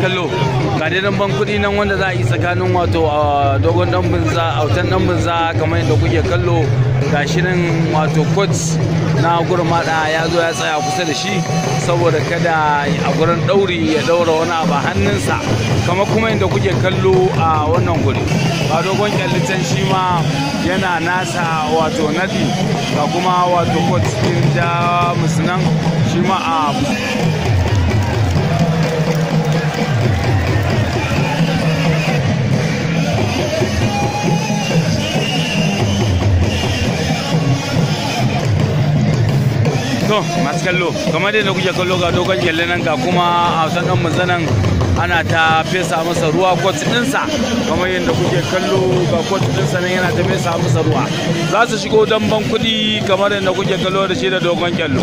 masu kallo ga bankudi nan wanda za a yi tsakanin wato dogon dan binza autan dan binza kamar yadda kuke kallo ga nan wato coach na gurmada ya zo ya tsaya kusa da shi saboda kada a gurin dauri ya daura wani abu hannunsa kamar kuma yadda kuke kallo a wannan guri ba dogon kyallitan shi ma yana nasa wato nadi ga kuma wato coach din da musnan shi ma a to masu kallo kamar da kuke kallo ga dogon gyalle nan ga kuma hausan ɗan mazanan ana ta fesa masa ruwa kwatsi dinsa kamar yadda kuke kallo ga kwatsi dinsa nan yana ta fesa masa ruwa za su shigo damban kuɗi kamar yadda kuke kallo da shi da dogon kyallo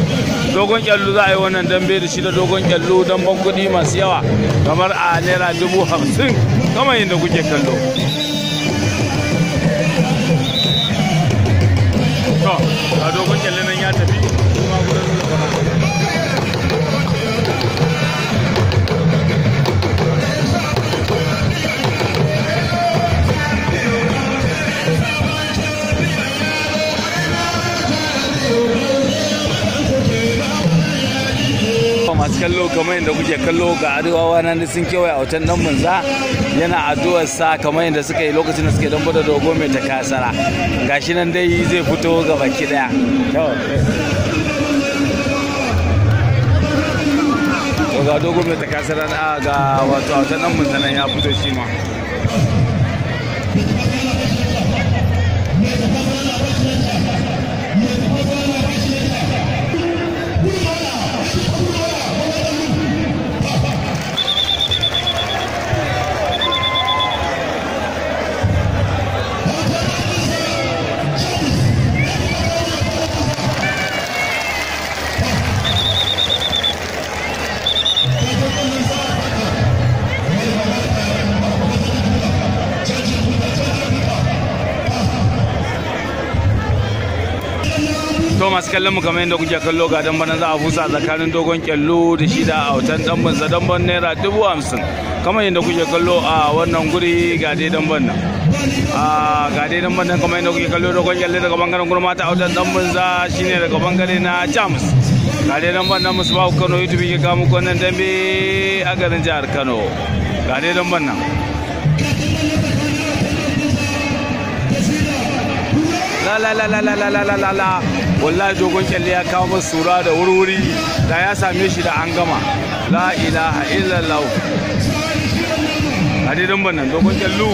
dogon kyallo za a yi wannan dambe da shi da dogon kyallo damban kuɗi masu yawa kamar a naira dubu hamsin kamar yadda kuke kallo masu kallo kamar yadda kuke kallo ga arewawa nan sun kewaye a hoton nan munza yana addu'ar sa kamar yadda suka yi lokacin da suke dan bada dogo mai ta kasara gashi nan dai zai fito ga baki daya to ga dogo mai ta kasara na ga wato a hoton nan munza nan ya fito shi ma kallon mu kamar yadda kuke kallo ga dan bana za a fusa tsakanin dogon kyallo da shi da autan dan banza dan ban naira dubu hamsin kamar yadda kuke kallo a wannan guri ga dai dan ban nan a ga dai dan ban nan kamar yadda kuke kallo dogon kyallo daga bangaren gurma ta autan dan banza shine daga bangare na jams ga dai dan ban nan ba Kano YouTube ke kawo muku wannan dambe a garin jihar Kano ga dai dan ban nan la la la la la la la la la wallahi dogon kyalle ya kawo masa sura da wurwuri da ya same shi da an gama la ilaha illallah a bannan dogon kyallu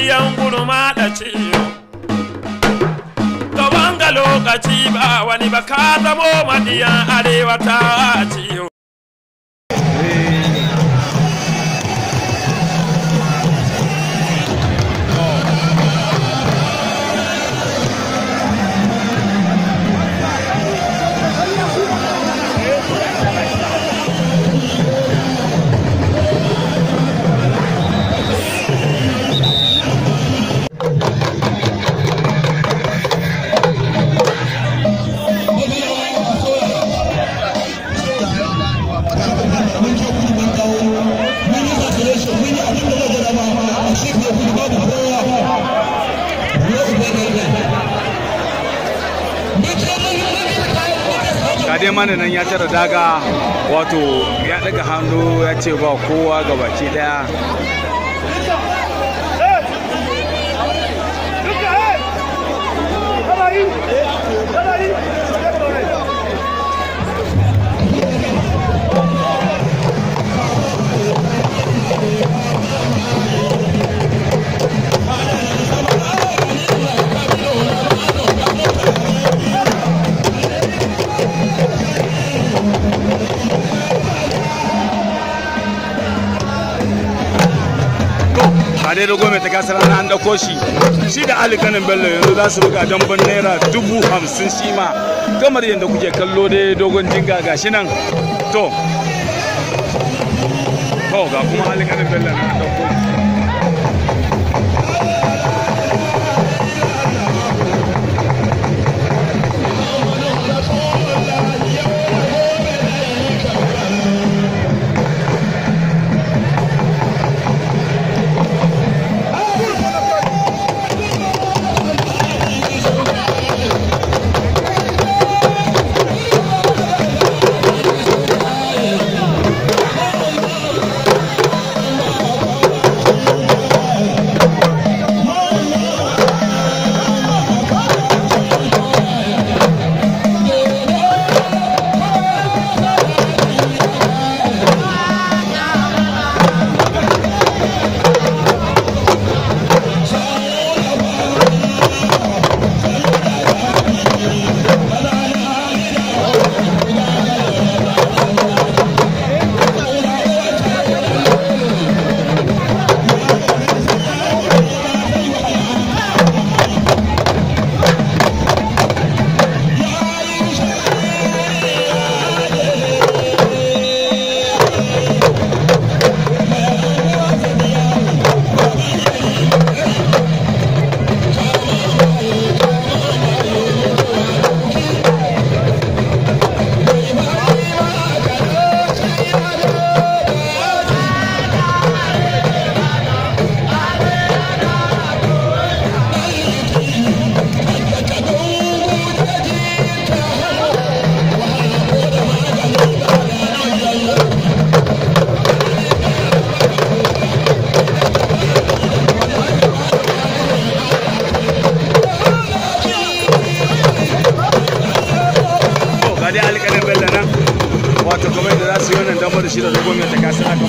giyan gurma da ciwo ga wanga lokaci ba wani ba ka zamo madiyan arewa ta ciwo mana nan ya tara daga wato ya daga hannu ya ce ba kowa ga baki daya daidai goma ta kasar rana an dauko shi shi da ali bello yanzu za su buga damban naira dubu hamsin shi ma kamar yadda kuke kallo dai dogon jinga ga shi nan to ga kuma ali bello na dauko shi de Güemes de Casana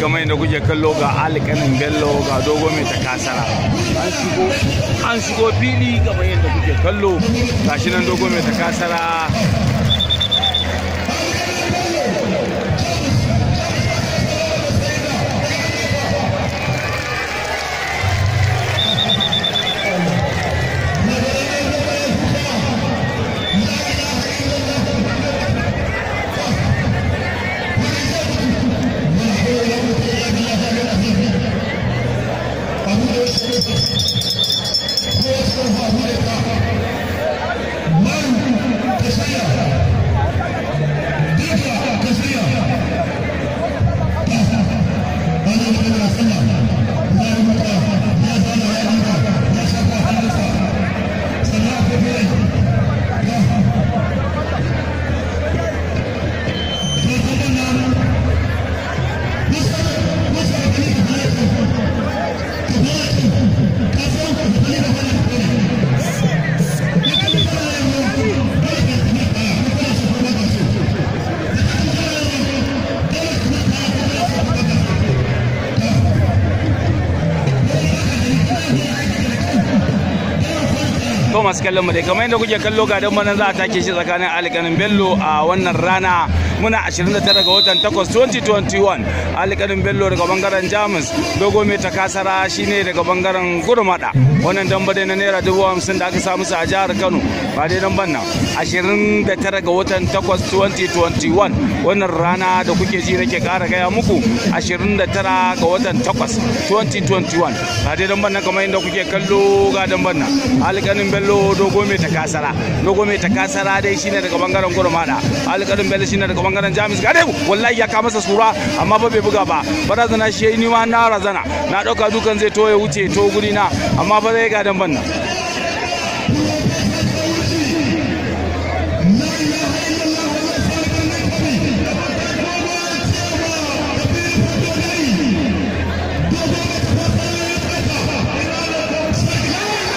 kamar yadda kuke kallo ga alƙanin gallo ga dogo mai takasara an shigo an shigo fili kamar yadda kuke kallo gashi nan dogo mai takasara kallon mu dai kamar yadda kuke kallo ga dan manan za a take shi tsakanin alƙalin bello a wannan rana muna 29 ga watan 8 2021 alƙalin bello daga bangaren jamus dogo mai ta takasara shine daga bangaren gurmada wannan damba dai na naira dubu hamsin da aka samu su a jihar kano ba dai damban nan ashirin da tara ga watan takwas 2021 wannan rana da kuke ji nake ƙara gaya muku ashirin da tara ga watan takwas 2021 ba dai damban nan kamar yadda kuke kallo ga damban nan alƙalin bello dogo mai ta kasara dogo mai ta kasara dai shine daga bangaren gurmada alƙalin bello shine daga bangaren jamus ga dai wallahi ya kama masa sura amma ba bai buga ba barazana shi yayi ni ma na razana na dauka dukan zai toye wuce to guri na amma ba zai ga dan banna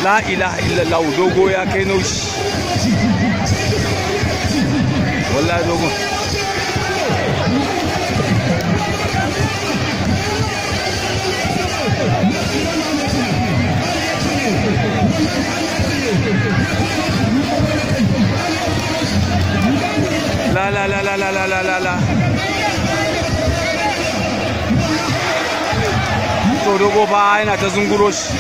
la ilaha illallah dogo ya kai naushi wallahi dogo dogo fa yana ta zunguro shi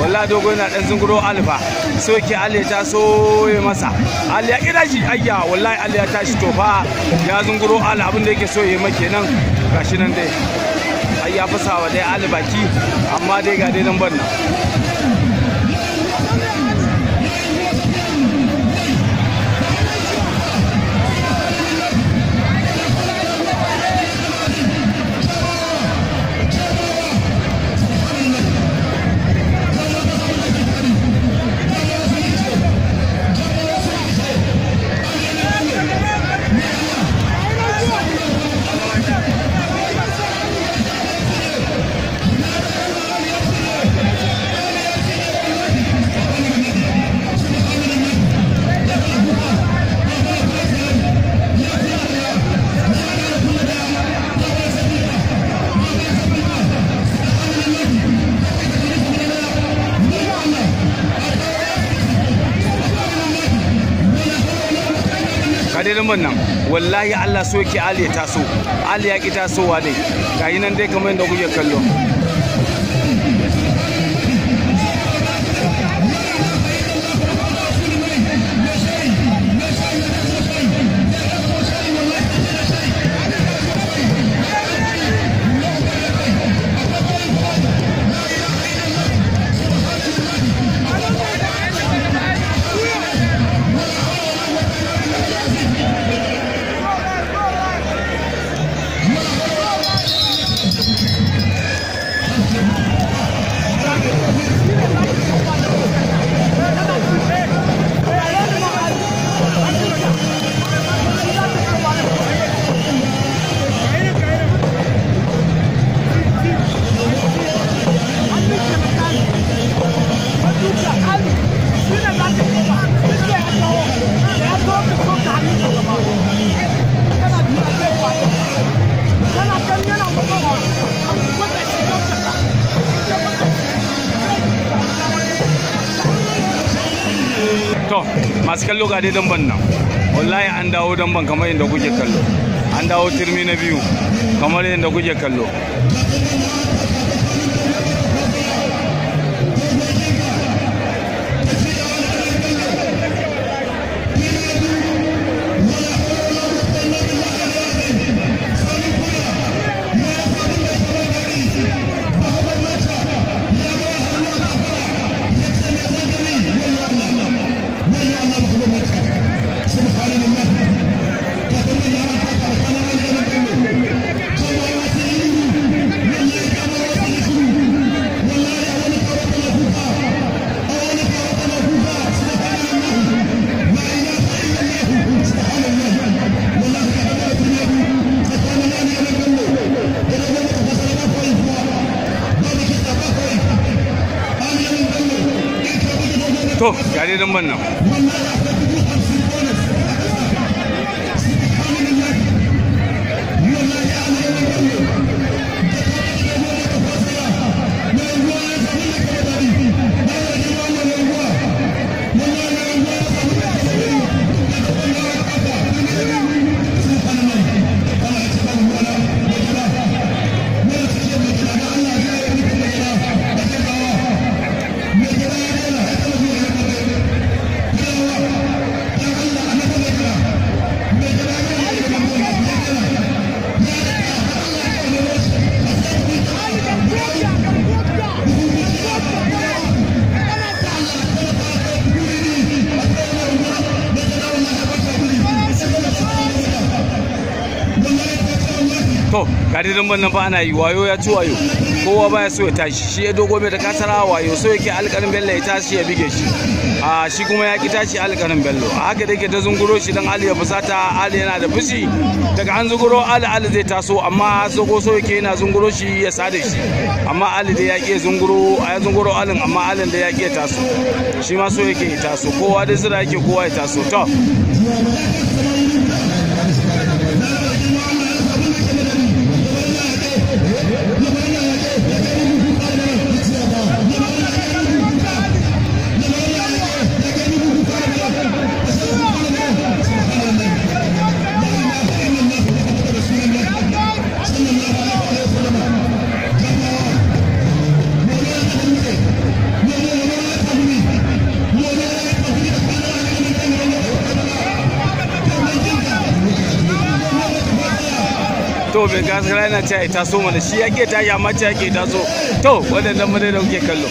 walla dogo yana dan zunguro alfa soke ali ta soye masa ali ya kira shi ayya wallahi ali ya tashi to fa ya zunguro ali abin da yake so ya make nan gashi nan dai ayya fasawa dai ali baki amma dai ga dai nan banna Allah so yake Ali ya taso Ali ya ki tasowa ne gayi nan dai kamar yadda kuke kallo masu kallo ga dai damban nan wallahi an dawo damban kamar yadda kuke kallo an dawo turmi na biyu kamar yadda kuke kallo damban nan fa ana yi wayo ya ci wayo kowa baya so ya tashi shi ya dogo mai da kasara wayo so yake alƙarin bello ya tashi ya bige shi a shi kuma ya ki tashi alƙarin bello a haka dake ta zunguro shi dan ali ya fusata ali yana da fushi daga an zunguro ali ali zai taso amma sogo so yake yana zunguro shi ya sada shi amma ali da ya ki zunguro a ya zunguro alin amma alin da ya ki ya taso shi ma so yake ya taso kowa dai zira yake kowa ya taso to to bai gasar rana ce ita so mana shi yake ta amma ta yake taso so to waɗannan mu da kuke kallo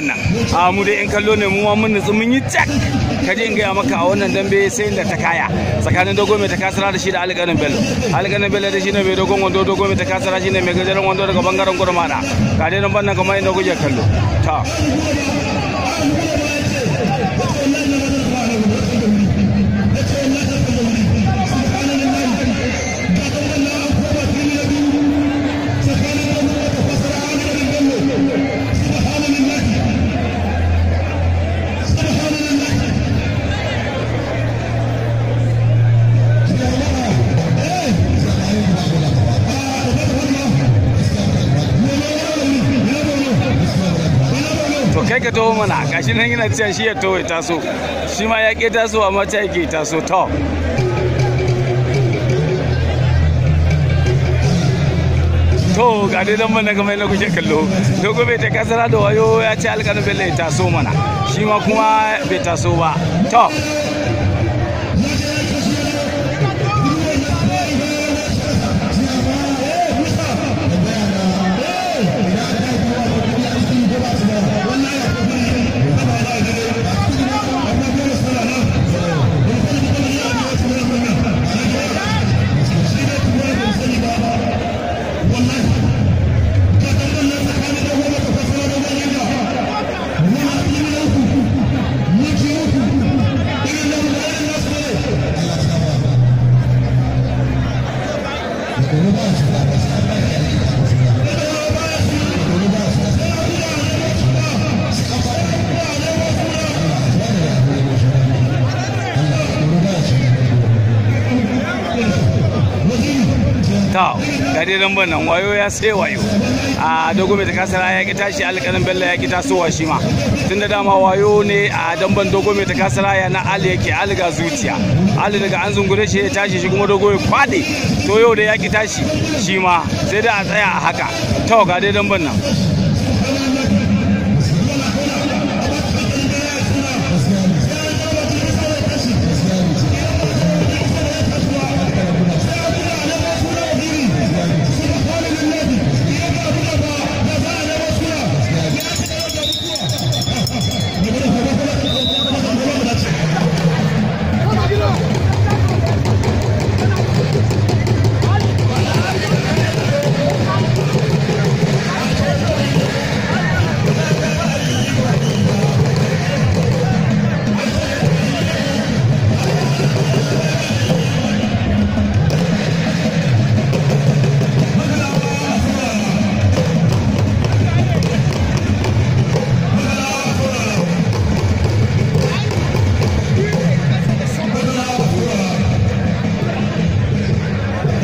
damben nan a mu dai in kallo ne mu ma mun nutsu mun yi cak ka je in gaya maka a wannan dambe sai da ta kaya tsakanin dogo mai takasara da shi da alƙanin bello alƙanin bello da shi ne mai dogon wando dogo mai takasara shi ne mai gajeren wando daga bangaren gurmana ka dai nan ban nan kamar inda kuke kallo ta sai ka taho mana gashi nan yana cewa shi ya taho ya taso shi ma ya ke taso amma ta yake taso to to ga dai dan mana kamar yadda kuke kallo to gobe ta kasara da wayo ya ce alƙalin bello ya taso mana shi ma kuma bai taso ba to lambar nan wayo ya sai wayo a dogo mai takasara ya ki tashi alƙalin bello ya ki tasowa shi ma tunda dama wayo ne a damban dogo mai takasara ya na ali yake ali ga zuciya ali daga an zungure shi ya tashi shi kuma dogo ya kwade to yau da ya ki tashi shi ma sai da a tsaya a haka tawaga dai damban nan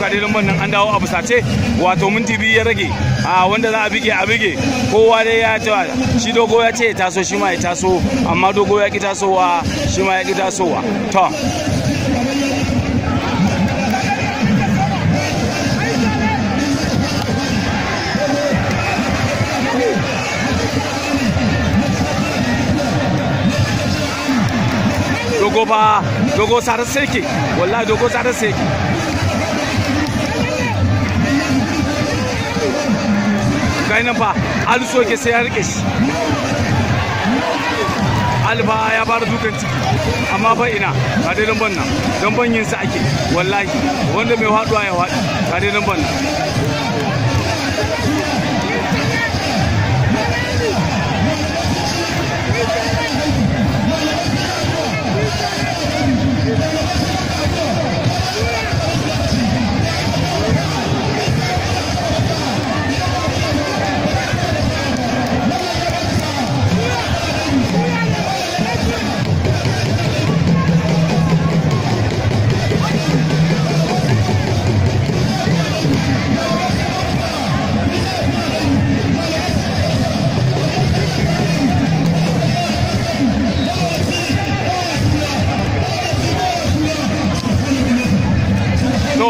ga dalilin nan an dawo abu sace wato minti biyu ya rage a wanda za a bige a bige kowa dai ya ce shi dogo ya ce ya taso shi ma ya taso amma dogo ya ki tasowa shi ma ya ki tasowa to dogo ba dogo sarar sirki wallahi dogo sarar sirki gashi nan fa ali soke sai ya rike shi alba ya fara dukan ciki amma fa ina ga dai damban nan damban yin sa ake wallahi wanda mai haduwa ya haɗu ga dai damban nan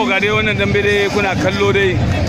to ga dai wannan dambe dai kuna kallo dai